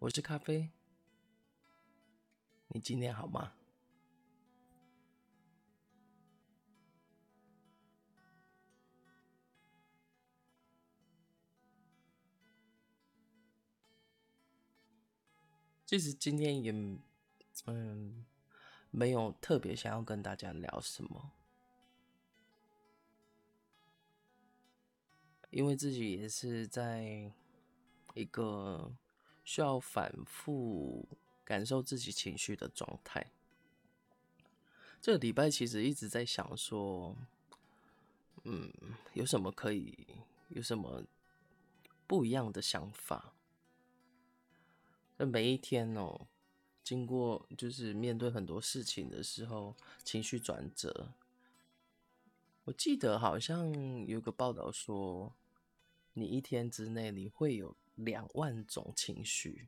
我是咖啡，你今天好嗎？其實今天也，嗯，沒有特別想要跟大家聊什麼，因為自己也是在一個需要反覆感受自己情緒的狀態。這個禮拜其實一直在想說，嗯，有什麼可以，有什麼不一樣的想法？每一天哦，經過就是面對很多事情的時候，情緒轉折。我記得好像有個報道說，你一天之內你會有。兩萬種情緒，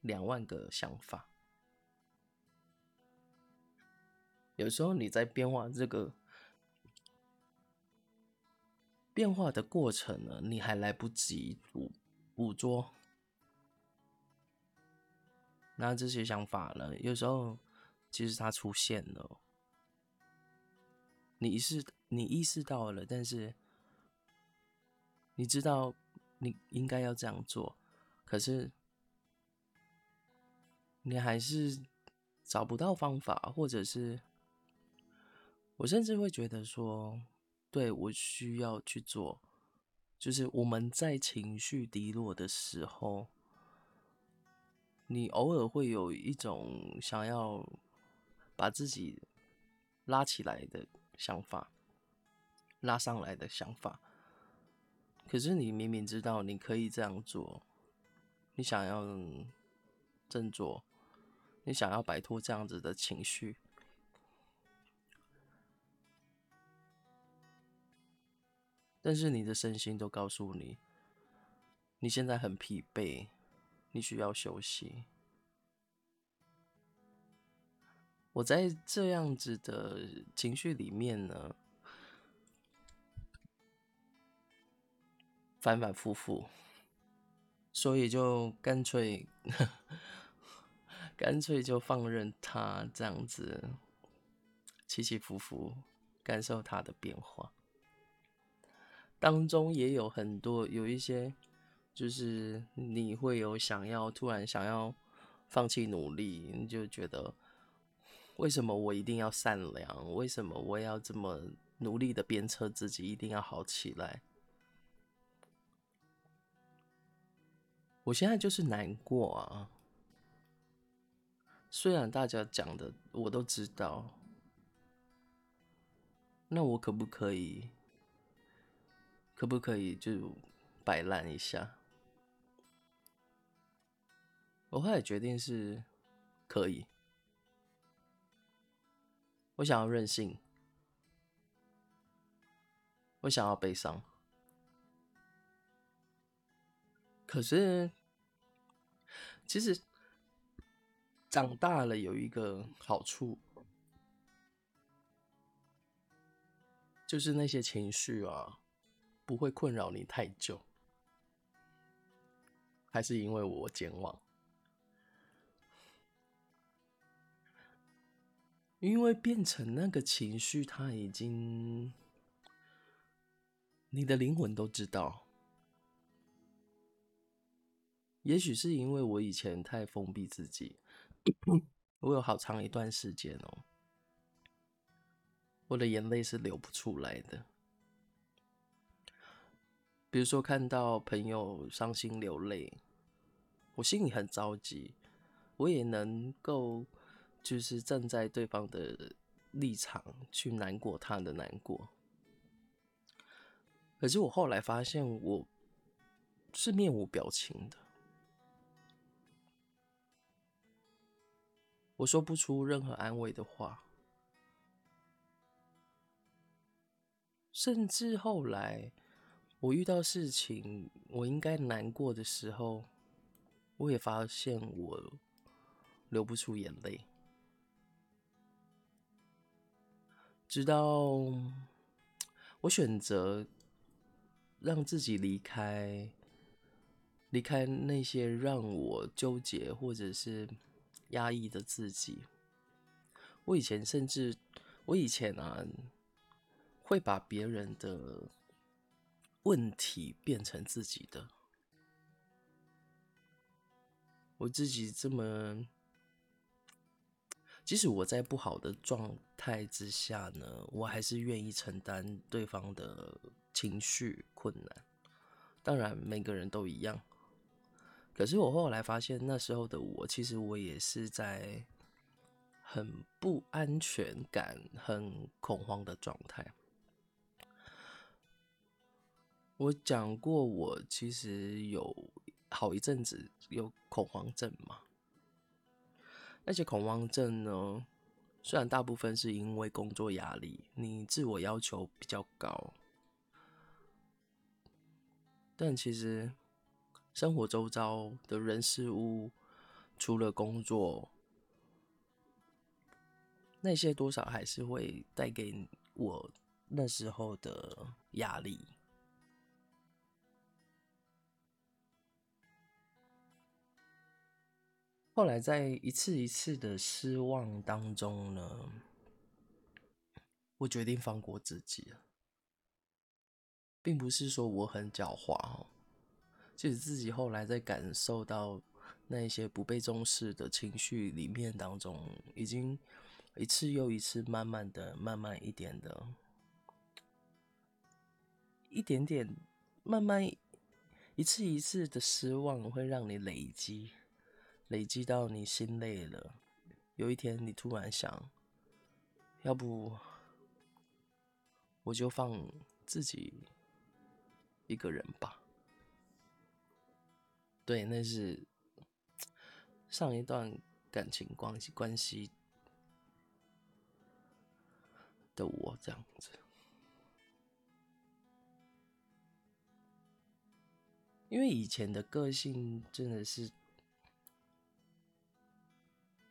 兩萬個想法。有時候你在變化這個變化的過程呢，你還來不及捕，捕捉。那這些想法呢，有時候其實它出現了，你是你意識到了，但是你知道。你應該要這樣做，可是你還是找不到方法，或者是我甚至會覺得說，對，我需要去做。就是我們在情緒低落的時候，你偶爾會有一種想要把自己拉起來的想法，拉上來的想法。可是你明明知道你可以這樣做，你想要振作，你想要擺脫這樣子的情緒，但是你的身心都告訴你，你現在很疲憊，你需要休息。我在這樣子的情緒裡面呢，反反复复，所以就乾脆 乾脆就放任他這樣子起起伏伏，感受他的變化。當中也有很多有一些，就是你會有想要突然想要放棄努力，你就覺得為什麼我一定要善良？為什麼我要這麼努力的鞭策自己一定要好起來？我現在就是難過啊！雖然大家講的我都知道，那我可不可以，可不可以就擺爛一下？我後來決定是可以，我想要任性，我想要悲傷。可是，其實長大了有一個好處，就是那些情緒啊，不會困擾你太久。還是因為我健忘？因為變成那個情緒，它已經，你的靈魂都知道。也許是因為我以前太封閉自己，我有好長一段時間哦，我的眼淚是流不出來的。比如說看到朋友傷心流淚，我心裡很着急，我也能夠就是站在對方的立場去難過他的難過。可是我後來發現，我是面無表情的。我說不出任何安慰的話，甚至後來我遇到事情，我應該難過的時候，我也發現我流不出眼淚，直到我選擇讓自己離開，離開那些讓我糾結或者是。壓抑的自己，我以前甚至，我以前啊，會把別人的問題變成自己的。我自己這麼，即使我在不好的狀態之下呢，我還是願意承擔對方的情緒困難。當然，每個人都一樣。可是我後來發現，那時候的我，其實我也是在很不安全感、很恐慌的狀態。我講過我，我其實有好一陣子有恐慌症嘛。那些恐慌症呢，雖然大部分是因為工作壓力，你自我要求比較高，但其實。生活周遭的人事物，除了工作，那些多少還是會帶給我那時候的壓力。後來在一次一次的失望當中呢，我決定放過自己了。並不是說我很狡猾。就是自己後來在感受到那一些不被重視的情緒裡面當中，已經一次又一次慢慢的、慢慢一點的、一點點、慢慢一次一次的失望，會讓你累積，累積到你心累了。有一天，你突然想，要不我就放自己一個人吧。對，那是上一段感情關係關係的我這樣子，因為以前的個性真的是，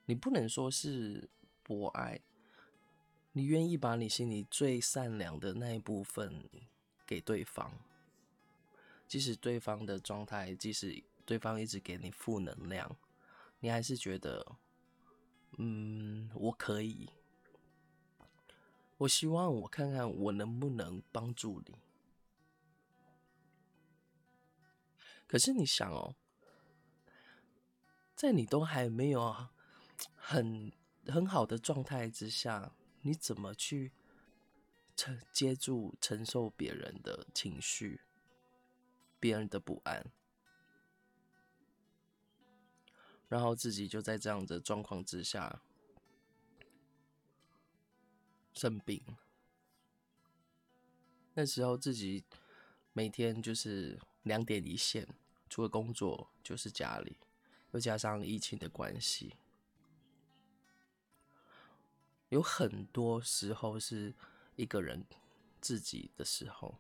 你不能說是博愛，你願意把你心裡最善良的那一部分給對方，即使對方的狀態，即使。對方一直給你負能量，你還是覺得，嗯，我可以。我希望我看看我能不能幫助你。可是你想哦，在你都還沒有很很好的狀態之下，你怎麼去承接住承受別人的情緒，別人的不安？然後自己就在這樣的狀況之下生病。那時候自己每天就是兩點一線，除了工作就是家裡，又加上疫情的關係，有很多時候是一個人自己的時候。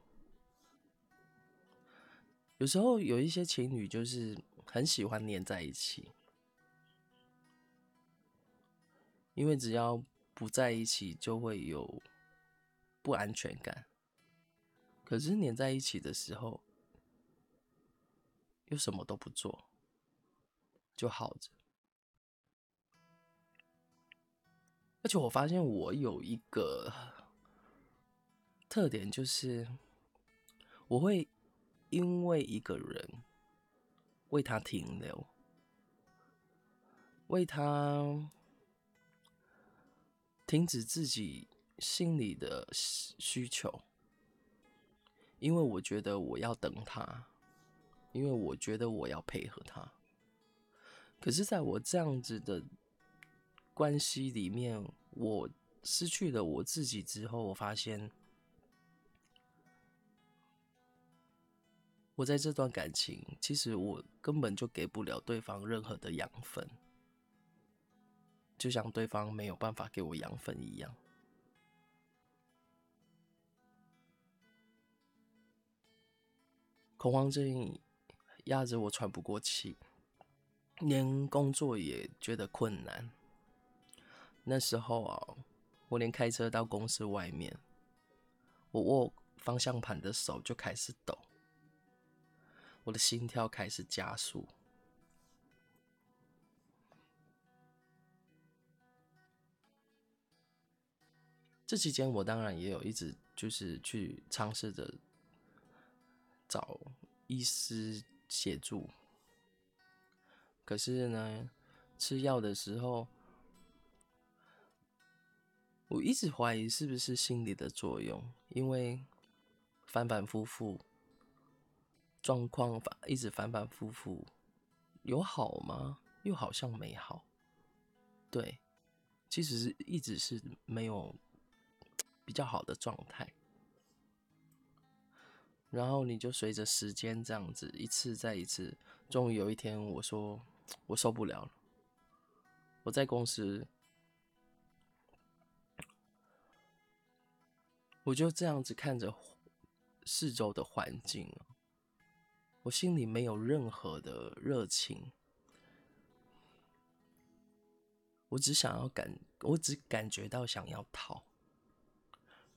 有時候有一些情侶就是很喜歡黏在一起。因為只要不在一起，就會有不安全感。可是黏在一起的時候，又什麼都不做，就耗着。而且我發現我有一個特點，就是我會因為一個人為他停留，為他。停止自己心裡的需求，因為我覺得我要等他，因為我覺得我要配合他。可是，在我這樣子的關係裡面，我失去了我自己之後，我發現，我在這段感情，其實我根本就給不了對方任何的養分。就像對方沒有辦法給我養分一樣，恐慌症壓着我喘不過氣，連工作也覺得困難。那時候啊、喔，我連開車到公司外面，我握方向盤的手就開始抖，我的心跳開始加速。這期間，我當然也有一直就是去嘗試着找醫師協助，可是呢，吃藥的時候，我一直懷疑是不是心理的作用，因為反反复覆狀況反，一直反反复复，有好嗎？又好像沒好，對，其實是一直是沒有。比較好的狀態，然後你就隨着時間這樣子一次再一次。終於有一天，我說我受不了了。我在公司，我就這樣子看着四周的環境，我心裡沒有任何的熱情，我只想要感，我只感覺到想要逃。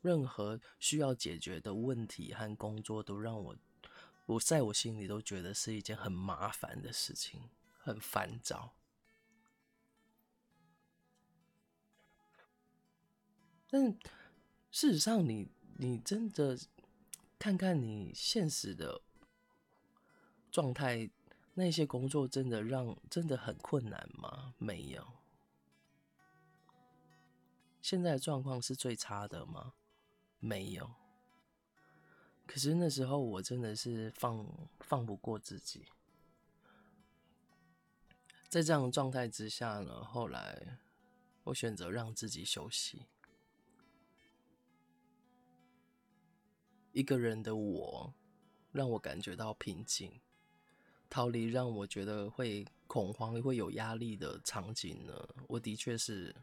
任何需要解決的問題和工作都讓我，我在我心裡都覺得是一件很麻煩的事情，很煩躁。但事實上你，你你真的看看你現實的狀態，那些工作真的讓真的很困難嗎？沒有，現在的狀況是最差的嗎？沒有。可是那時候我真的是放放不過自己，在這樣的狀態之下呢，後來我選擇讓自己休息。一個人的我，讓我感覺到平靜，逃離讓我覺得會恐慌，會有壓力的場景呢，我的確是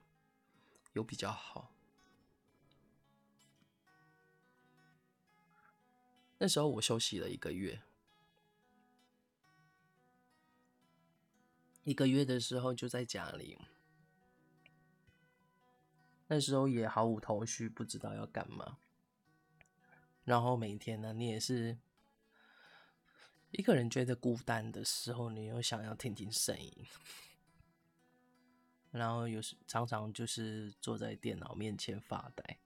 有比較好。那時候我休息了一個月，一個月的時候就在家裡，那時候也毫無頭緒，不知道要幹嘛。然後每天呢，你也是一個人覺得孤單的時候，你又想要聽聽聲音，然後有時常常就是坐在電腦面前發呆。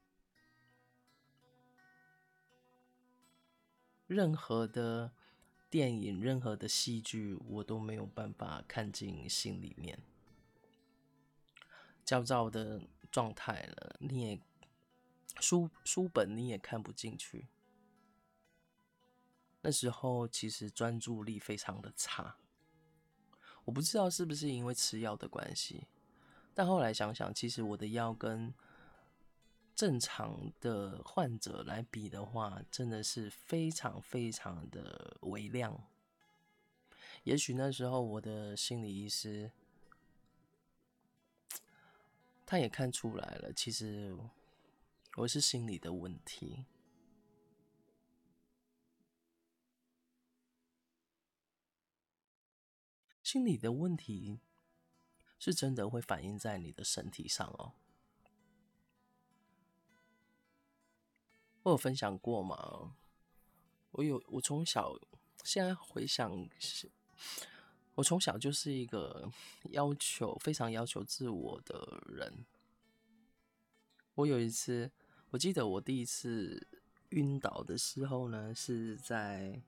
任何的電影、任何的戲劇，我都沒有辦法看進心裡面。焦躁的狀態了，你也書書本你也看不進去。那時候其實專注力非常的差。我不知道是不是因為吃藥的關係，但後來想想，其實我的藥跟。正常的患者來比的話，真的是非常非常的微量。也許那時候我的心理醫師，他也看出來了，其實我是心理的問題。心理的問題是真的會反映在你的身體上哦。我有分享過嗎？我有，我從小現在回想，我從小就是一個要求非常要求自我的人。我有一次，我記得我第一次暈倒的時候呢，是在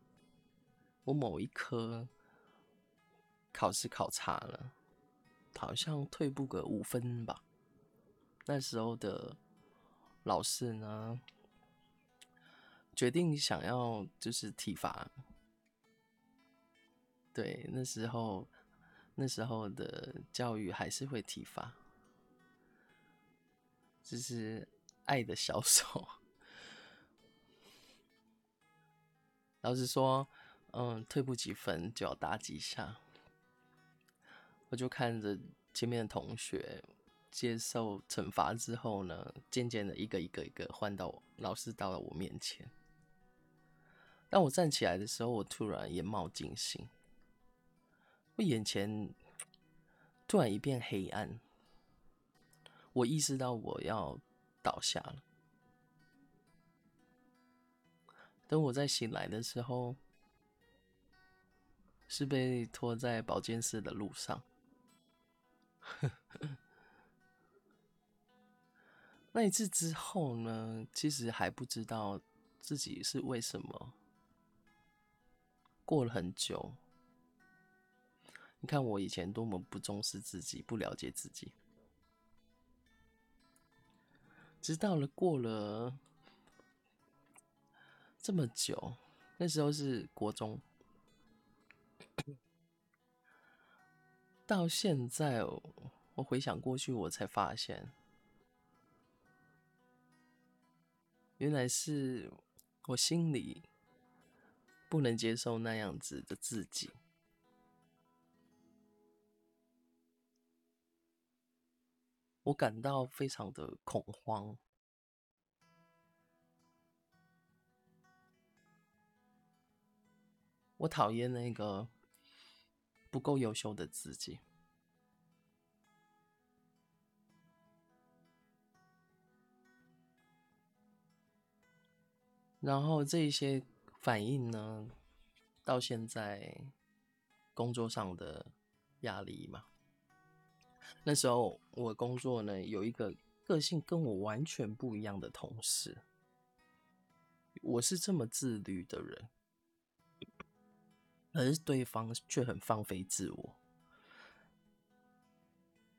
我某一科考試考差了，好像退步個五分吧。那時候的老師呢，決定想要就是體罰，對，那時候那時候的教育還是會體罰，這是愛的小手。老師說：“嗯，退步幾分就要打幾下。”我就看着前面的同學接受懲罰之後呢，漸漸的一個一個一個換到我，老師到了我面前。當我站起來的時候，我突然眼冒金星，我眼前突然一片黑暗，我意識到我要倒下了。等我再醒來的時候，是被拖在保健室的路上。 那一次之後呢，其實還不知道自己是為什麼。過了很久，你看我以前多麼不重視自己，不了解自己，直到了過了這麼久，那時候是國中，到現在我回想過去，我才發現，原來是我心裡。不能接受那樣子的自己，我感到非常的恐慌。我討厭那個不夠優秀的自己，然後這一些。反應呢，到現在工作上的壓力嘛。那時候我工作呢，有一個個性跟我完全不一樣的同事。我是這麼自律的人，而對方卻很放飛自我。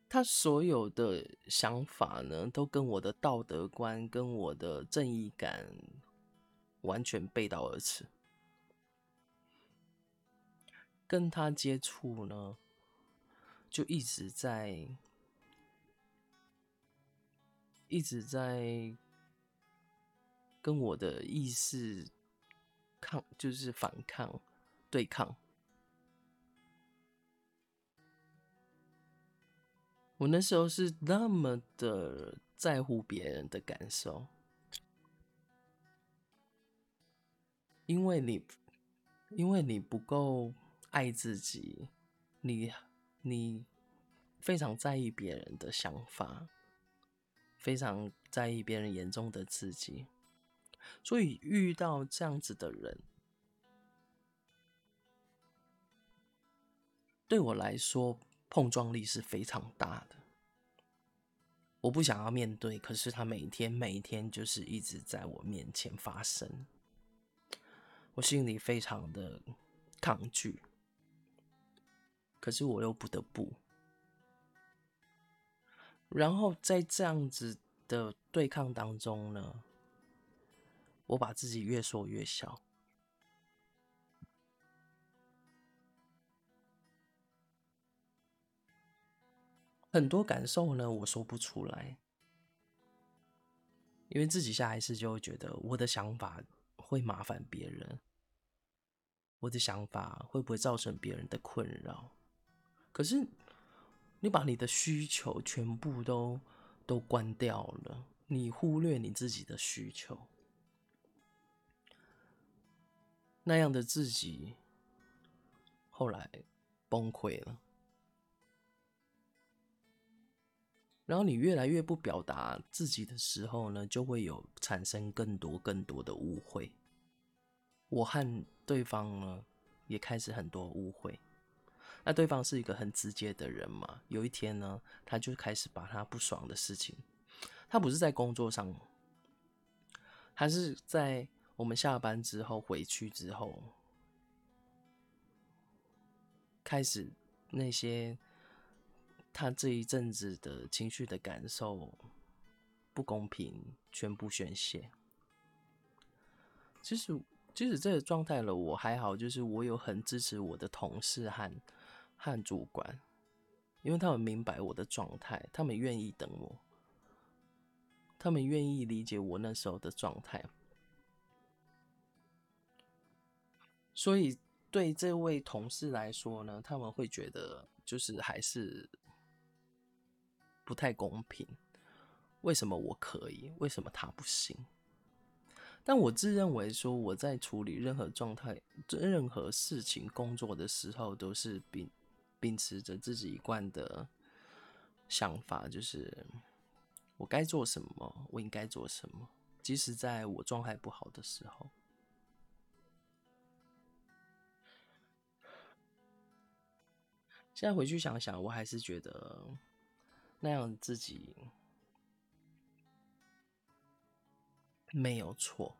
他所有的想法呢，都跟我的道德觀、跟我的正義感。完全背道而馳，跟他接觸呢，就一直在，一直在跟我的意識抗，就是反抗、對抗。我那時候是那麼的在乎別人的感受。因為你，因為你不夠愛自己，你你非常在意別人的想法，非常在意別人眼中的自己，所以遇到這樣子的人，對我來說碰撞力是非常大的。我不想要面對，可是他每天每天就是一直在我面前發生。我心裡非常的抗拒，可是我又不得不。然後在這樣子的對抗當中呢，我把自己越說越小，很多感受呢，我說不出來，因為自己下一次就會覺得我的想法，會麻煩別人，我的想法會不會造成別人的困擾？可是你把你的需求全部都都關掉了，你忽略你自己的需求。那樣的自己後來崩潰了。然後你越來越不表達自己的時候呢，就會有產生更多更多的誤會。我和對方呢，也開始很多誤會。那對方是一個很直接的人嘛。有一天呢，他就開始把他不爽的事情，他不是在工作上，他是在我們下班之後回去之後，開始那些他這一陣子的情緒的感受不公平，全部宣洩。其實。即使這個狀態了，我還好，就是我有很支持我的同事和和主管，因為他們明白我的狀態，他們願意等我，他們願意理解我那時候的狀態。所以對這位同事來說呢，他們會覺得就是還是不太公平，為什麼我可以，為什麼他不行？但我自認為說，我在處理任何狀態、任何事情、工作的時候，都是秉秉持着自己一貫的想法，就是我該做什麼，我應該做什麼，即使在我狀態不好的時候。現在回去想想，我還是覺得那樣自己。沒有錯，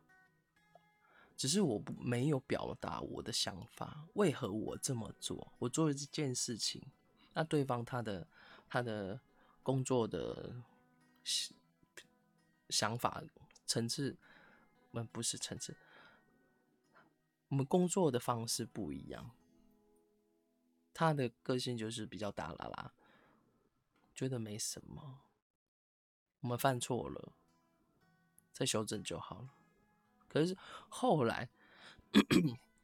只是我不沒有表達我的想法。為何我這麼做？我做了這件事情，那對方他的他的工作的想法層次，我們，不是層次，我們工作的方式不一樣。他的個性就是比較大剌剌，覺得沒什麼，我們犯錯了，再修正就好了。可是後來，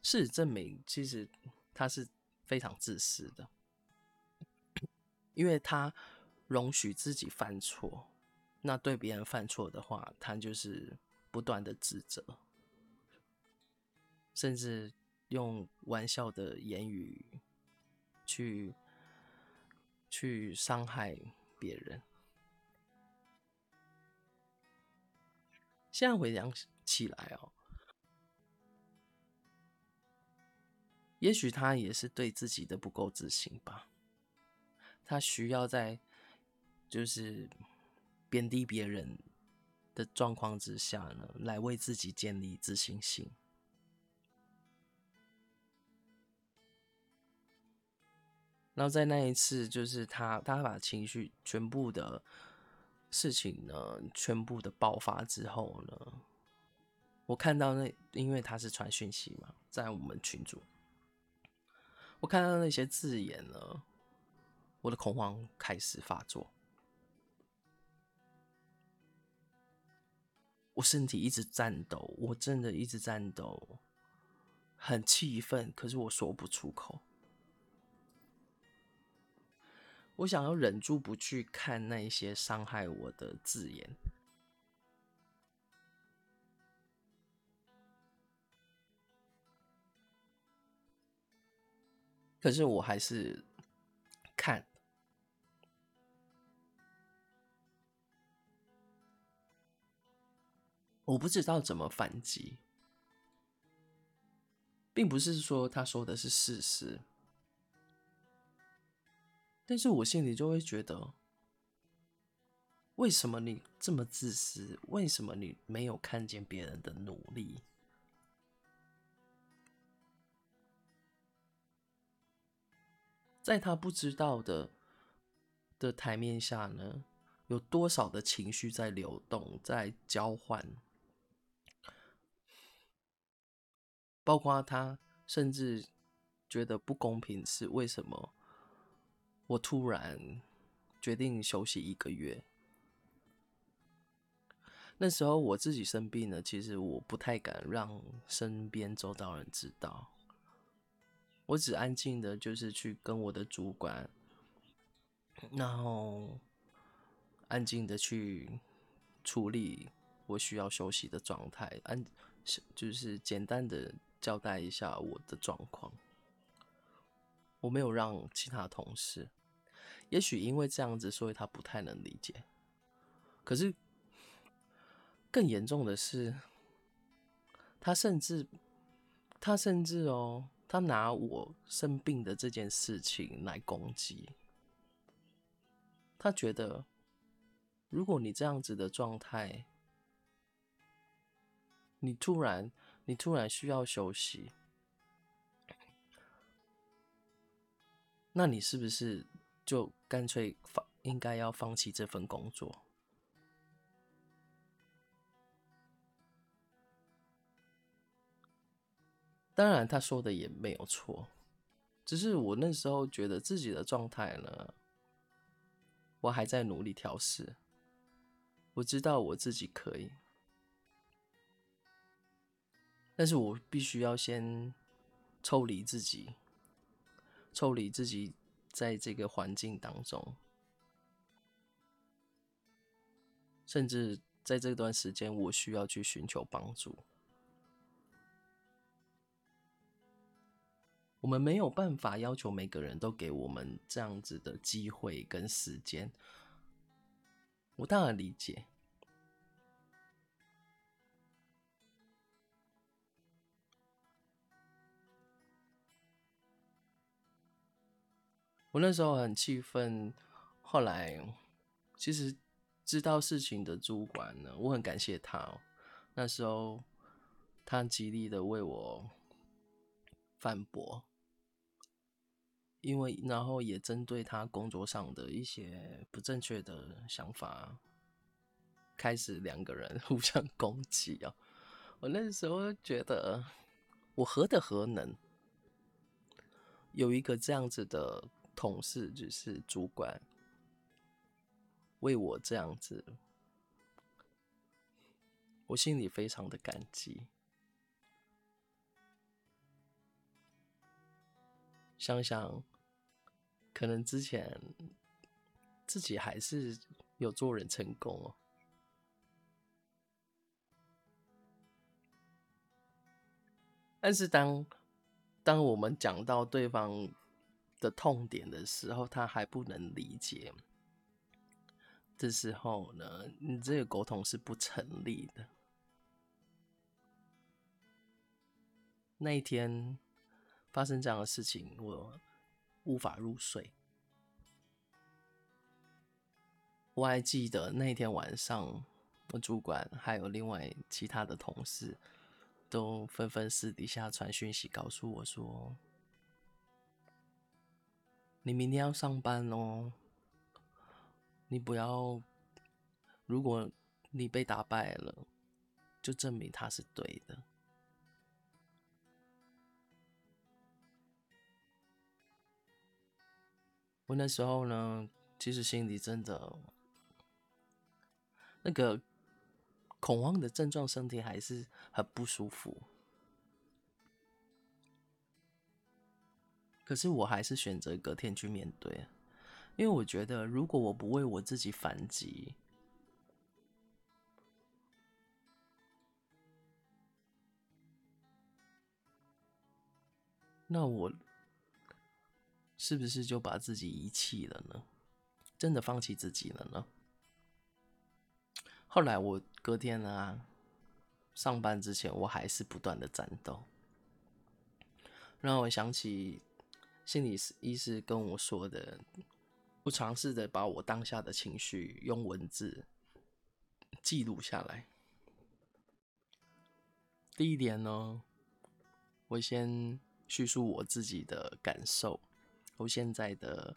事實 證明，其實他是非常自私的，因為他容許自己犯錯，那對別人犯錯的話，他就是不斷的指責，甚至用玩笑的言語去去傷害別人。現在回想起來哦，也許他也是對自己的不夠自信吧。他需要在就是貶低別人的狀況之下呢，來為自己建立自信心。然後在那一次，就是他，他把情緒全部的。事情呢，全部的爆發之後呢，我看到那，因為他是傳訊息嘛，在我們群組。我看到那些字眼呢，我的恐慌開始發作，我身體一直顫抖，我真的一直顫抖，很氣憤，可是我說不出口。我想要忍住不去看那些傷害我的字眼，可是我還是看。我不知道怎麼反擊，並不是說他說的是事實。但是我心裡就會覺得，為什麼你這麼自私？為什麼你沒有看見別人的努力？在他不知道的的台面下呢，有多少的情緒在流動，在交換？包括他甚至覺得不公平是為什麼？我突然決定休息一個月。那時候我自己生病了，其實我不太敢讓身邊周遭人知道，我只安靜的，就是去跟我的主管，然後安靜的去處理我需要休息的狀態，安就是簡單的交代一下我的狀況。我沒有讓其他同事，也許因為這樣子，所以他不太能理解。可是更嚴重的是，他，他甚至，他甚至哦，他拿我生病的這件事情來攻擊。他覺得，如果你這樣子的狀態，你突然，你突然需要休息，那你是不是就乾脆放，應該要放棄這份工作？當然，他說的也沒有錯，只是我那時候覺得自己的狀態呢，我還在努力調適，我知道我自己可以，但是我必須要先抽離自己。抽離自己在這個環境當中，甚至在這段時間，我需要去尋求幫助。我們沒有辦法要求每個人都給我們這樣子的機會跟時間，我當然理解。我那時候很氣憤，後來其實知道事情的主管呢，我很感謝他喔。那時候他極力的為我反駁，因為然後也針對他工作上的一些不正確的想法，開始兩個人互相攻擊啊喔。我那時候覺得我何德何能，有一個這樣子的。同事就是主管，為我這樣子，我心裡非常的感激。想想，可能之前自己還是有做人成功哦、喔。但是當當我們講到對方，的痛點的時候，他還不能理解。這時候呢，你這個溝通是不成立的。那一天發生這樣的事情，我無法入睡。我還記得那一天晚上，我主管還有另外其他的同事，都紛紛私底下傳訊息告訴我說，你明天要上班哦，你不要。如果你被打敗了，就證明他是對的。我那時候呢，其實心裡真的，那個恐慌的症狀，身體還是很不舒服。可是我還是選擇隔天去面對，因為我覺得如果我不為我自己反擊，那我是不是就把自己遺棄了呢？真的放棄自己了呢？後來我隔天啊，上班之前我還是不斷的戰鬥，讓我想起。心理醫師跟我說的，我嘗試着把我當下的情緒用文字記錄下來。第一點呢，我先敘述我自己的感受，我現在的，的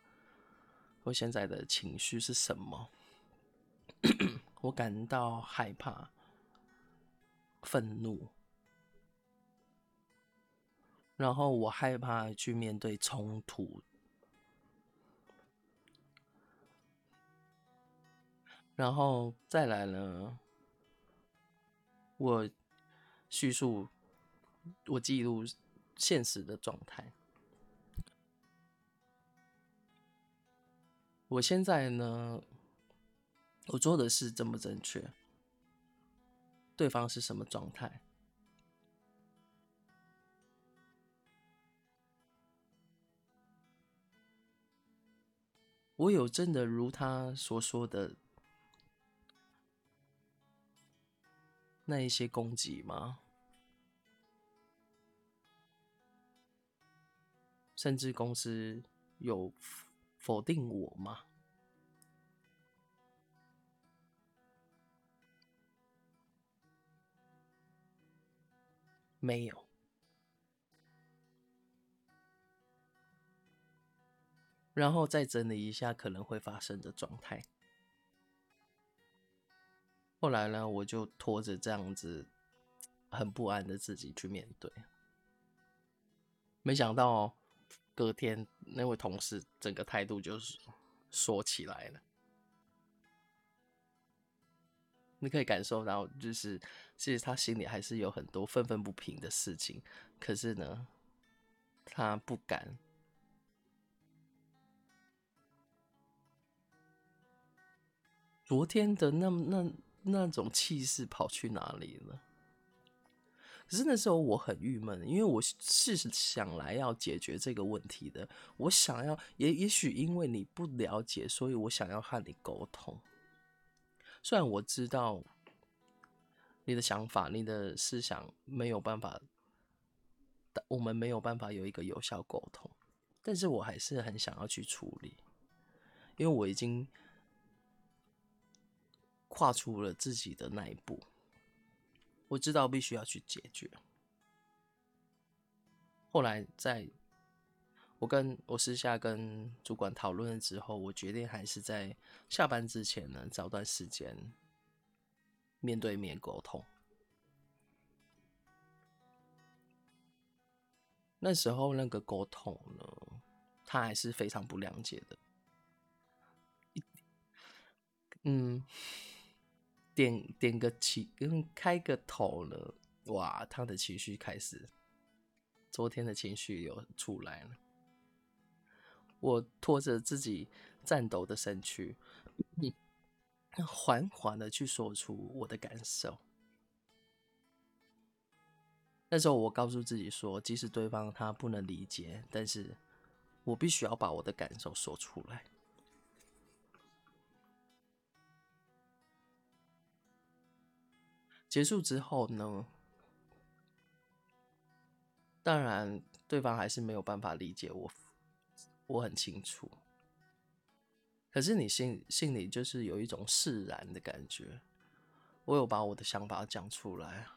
我現在的情緒是什麼？ 我感到害怕、憤怒。然後我害怕去面對衝突，然後再來呢？我敘述，我記錄現實的狀態。我現在呢？我做的事正不正確？對方是什麼狀態？我有真的如他所說的那一些攻擊嗎？甚至公司有否定我嗎？沒有。然後再整理一下可能會發生的狀態。後來呢，我就拖着這樣子很不安的自己去面對。沒想到隔天那位同事整個態度就是說起來了，你可以感受到，就是其實他心裡還是有很多憤憤不平的事情，可是呢，他不敢。昨天的那那那、那種氣勢跑去哪裡了？可是那時候我很鬱悶，因為我是想來要解決這個問題的。我想要，也也許因為你不了解，所以我想要和你溝通。雖然我知道你的想法、你的思想沒有辦法，但我們沒有辦法有一個有效溝通，但是我還是很想要去處理，因為我已經。跨出了自己的那一步，我知道必須要去解決。後來，在我跟我私下跟主管討論之後，我決定還是在下班之前呢，找段時間面對面溝通。那時候那個溝通呢，他還是非常不諒解的，嗯。點點個起，嗯，開個頭了，哇，他的情緒開始，昨天的情緒又出來了。我拖着自己顫抖的身軀，嗯、緩緩的去說出我的感受。那時候我告訴自己說，即使對方他不能理解，但是我必須要把我的感受說出來。結束之後呢，當然，對方還是沒有辦法理解我。我很清楚，可是你心心裡就是有一種釋然的感覺。我有把我的想法講出來，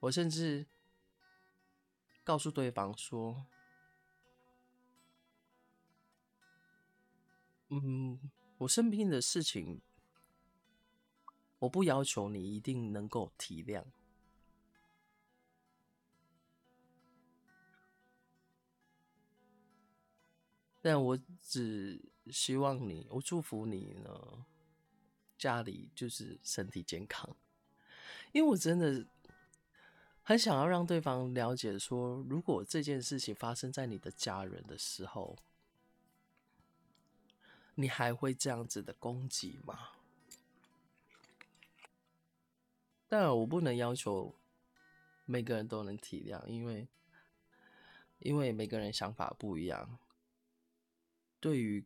我甚至告訴對方說：“嗯，我生病的事情。”我不要求你一定能夠體諒，但我只希望你，我祝福你呢，家裡就是身體健康，因為我真的很想要讓對方了解說，如果這件事情發生在你的家人的時候，你還會這樣子的攻擊嗎？但我不能要求每個人都能體諒，因為因為每個人想法不一樣。對於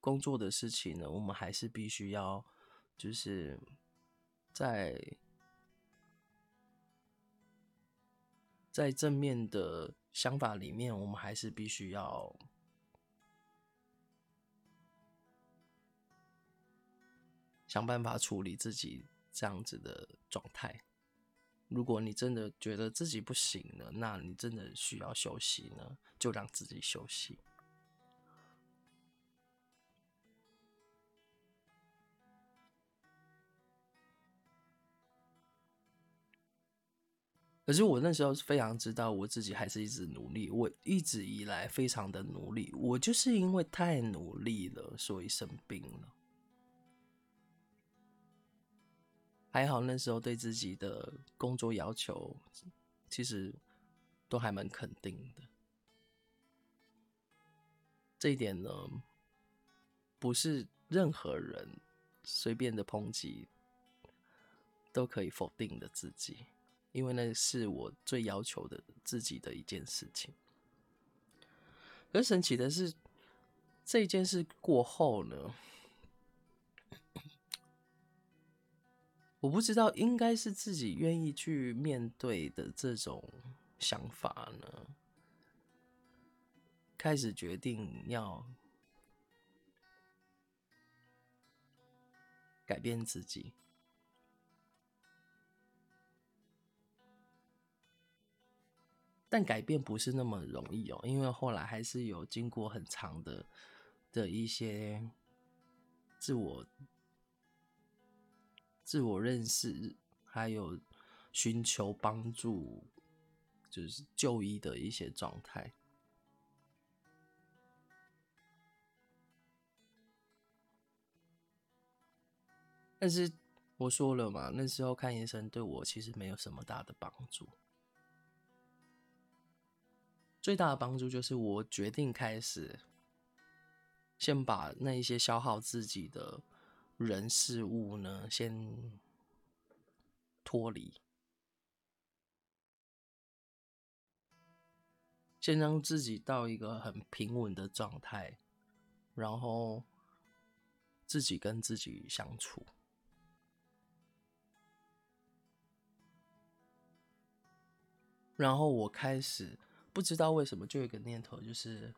工作的事情呢，我們還是必須要就是在在正面的想法裡面，我們還是必須要想辦法處理自己。這樣子的狀態，如果你真的覺得自己不行了，那你真的需要休息呢，就讓自己休息。可是我那時候非常知道我自己還是一直努力，我一直以來非常的努力，我就是因為太努力了，所以生病了。還好那時候對自己的工作要求，其實都還蠻肯定的。這一點呢，不是任何人隨便的抨擊都可以否定的自己，因為那是我最要求的自己的一件事情。而神奇的是，這件事過後呢。我不知道應該是自己願意去面對的這種想法呢，開始決定要改變自己，但改變不是那麼容易哦，因為後來還是有經過很長的的一些自我。自我認識，還有尋求幫助，就是就醫的一些狀態。但是我說了嘛，那時候看醫生對我其實沒有什麼大的幫助。最大的幫助就是我決定開始先把那一些消耗自己的。人事物呢，先脫離，先讓自己到一個很平穩的狀態，然後自己跟自己相處。然後我開始不知道為什麼，就有一個念頭，就是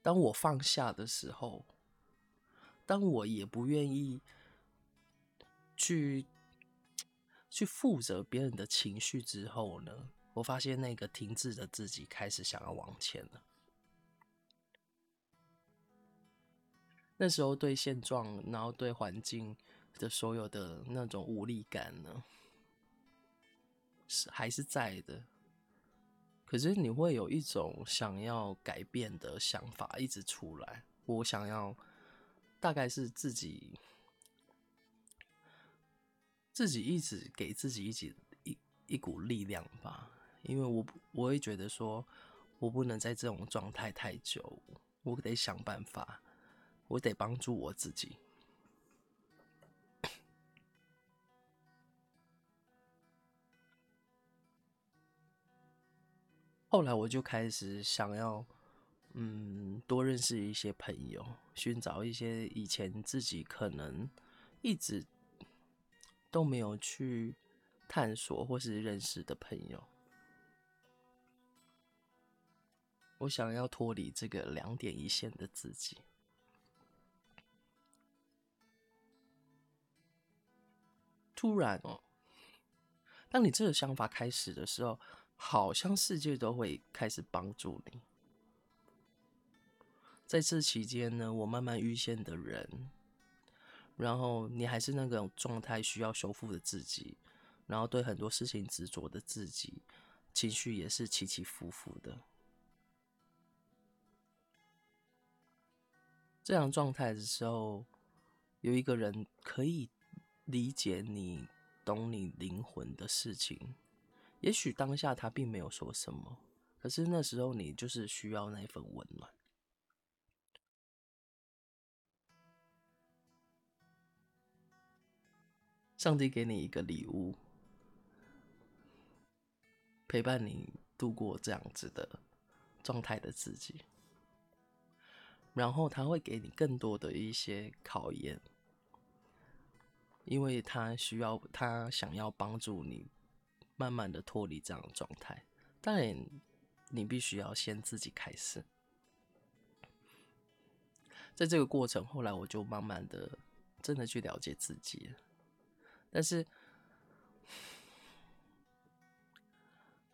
當我放下的時候。當我也不願意去去負責別人的情緒之後呢，我發現那個停滯的自己開始想要往前了。那時候對現狀，然後對環境的所有的那種無力感呢，是還是在的。可是你會有一種想要改變的想法一直出來，我想要。大概是自己自己一直給自己一直一一股力量吧，因為我我會覺得說，我不能在這種狀態太久，我得想辦法，我得幫助我自己。後來我就開始想要。嗯，多認識一些朋友，尋找一些以前自己可能一直都沒有去探索或是認識的朋友。我想要脫離這個兩點一線的自己。突然哦，當你這個想法開始的時候，好像世界都會開始幫助你。在這期間呢，我慢慢遇見的人，然後你還是那個狀態需要修復的自己，然後對很多事情執着的自己，情緒也是起起伏伏的。這樣狀態的時候，有一個人可以理解你，懂你靈魂的事情。也許當下他並沒有說什麼，可是那時候你就是需要那一份溫暖。上帝給你一個禮物，陪伴你度過這樣子的狀態的自己，然後他會給你更多的一些考驗，因為他需要，他想要幫助你，慢慢的脫離這樣的狀態。但你必須要先自己開始，在這個過程，後來我就慢慢的真的去了解自己了。但是，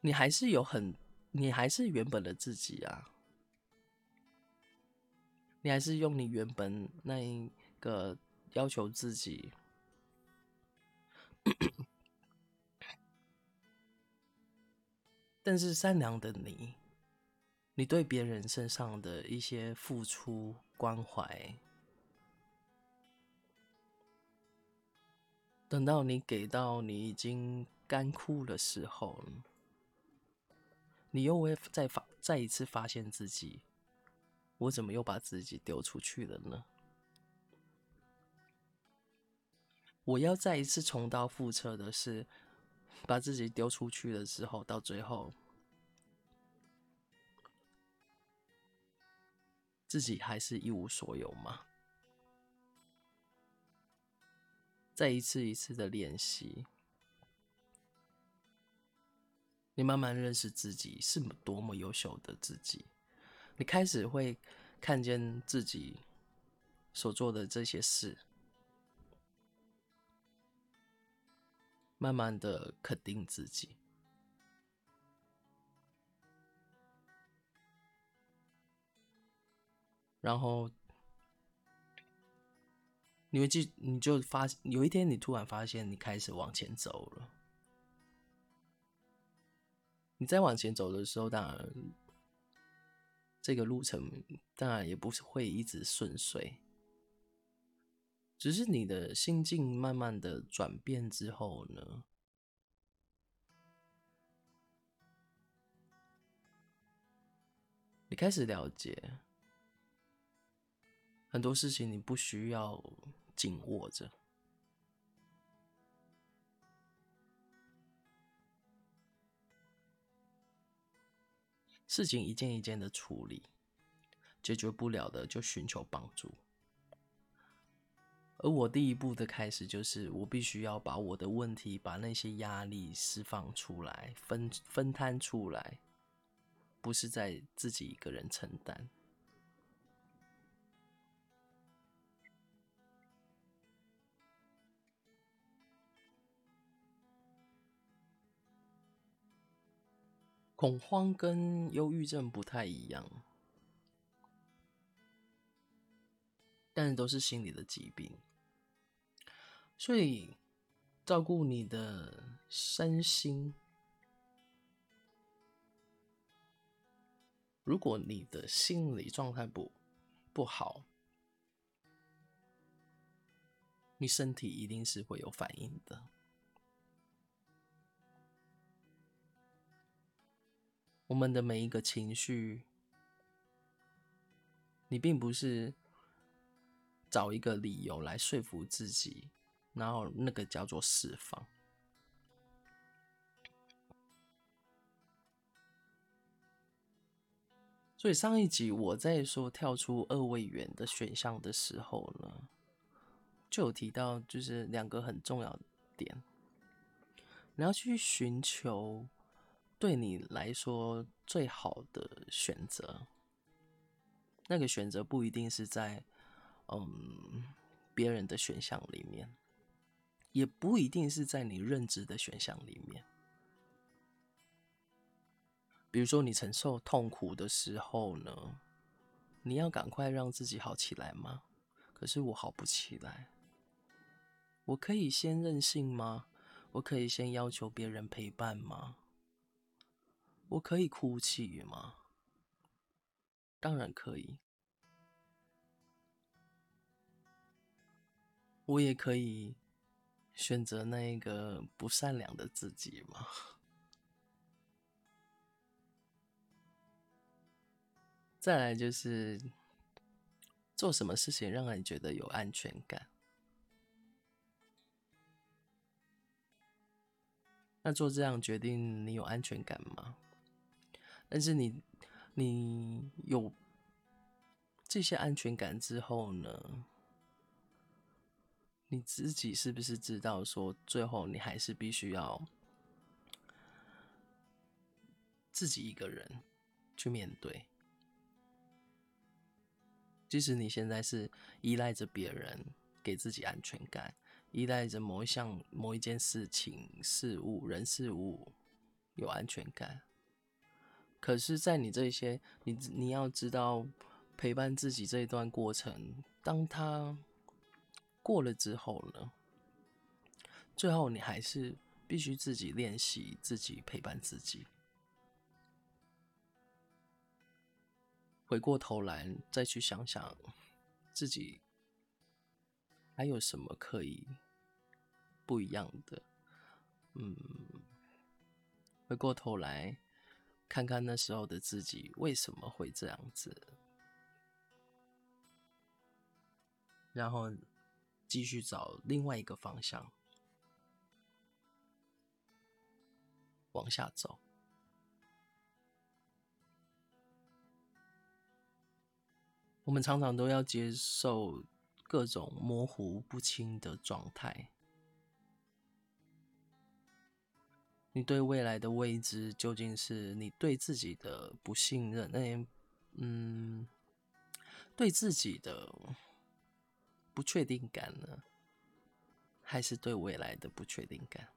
你還是有很，你還是原本的自己啊！你還是用你原本那一個要求自己。咳咳，但是善良的你，你對別人身上的一些付出關懷。等到你給到你已經乾枯的時候，你又會再發再一次發現自己，我怎麼又把自己丟出去了呢？我要再一次重蹈覆轍的是，把自己丟出去的時候，到最後，自己還是一無所有嗎？再一次一次的練習，你慢慢認識自己是多麼優秀的自己，你開始會看見自己所做的這些事，慢慢的肯定自己，然後。你會記，你就發有一天，你突然發現你開始往前走了。你在往前走的時候，當然這個路程當然也不會一直順遂，只是你的心境慢慢的轉變之後呢，你開始了解很多事情，你不需要。緊握着，事情一件一件的處理，解決不了的就尋求幫助。而我第一步的開始，就是我必須要把我的問題，把那些壓力釋放出來，分分攤出來，不是在自己一個人承擔。恐慌跟憂鬱症不太一樣，但是都是心理的疾病，所以照顧你的身心。如果你的心理狀態不不好，你身體一定是會有反應的。我們的每一個情緒，你並不是找一個理由來說服自己，然後那個叫做釋放。所以上一集我在說跳出二位元的選項的時候呢，就有提到，就是兩個很重要點，你要去尋求。對你來說最好的選擇，那個選擇不一定是在，嗯，別人的選項裡面，也不一定是在你認知的選項裡面。比如說，你承受痛苦的時候呢，你要趕快讓自己好起來嗎？可是我好不起來，我可以先任性嗎？我可以先要求別人陪伴嗎？我可以哭泣嗎？當然可以。我也可以選擇那個不善良的自己嗎？再來就是做什麼事情讓人覺得有安全感？那做這樣決定，你有安全感嗎？但是你，你有這些安全感之後呢？你自己是不是知道說，最後你還是必須要自己一個人去面對？即使你現在是依賴着別人給自己安全感，依賴着某一項、某一件事情、事物、人事物有安全感。可是，在你這些，你你要知道，陪伴自己這一段過程，當它過了之後呢？最後，你還是必須自己練習，自己陪伴自己。回過頭來，再去想想自己還有什麼可以不一樣的。嗯，回過頭來。看看那時候的自己為什麼會這樣子，然後繼續找另外一個方向往下走。我們常常都要接受各種模糊不清的狀態。你對未來的未知究竟是你對自己的不信任，那、欸、嗯，對自己的不確定感呢，還是對未來的不確定感？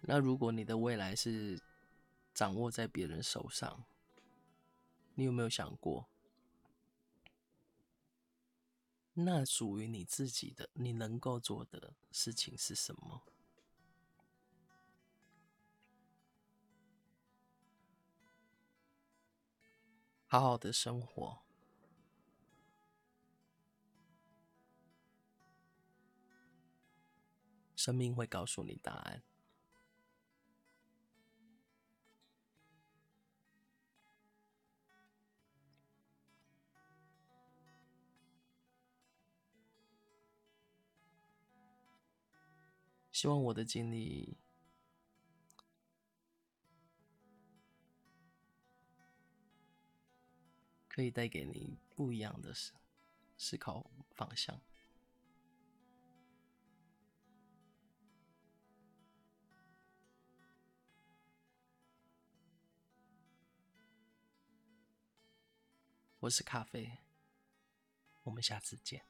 那如果你的未來是掌握在別人手上，你有沒有想過，那屬於你自己的，你能夠做的事情是什麼？好好的生活，生命會告訴你答案。希望我的經歷。可以帶給你不一樣的思思考方向。我是咖啡，我們下次見。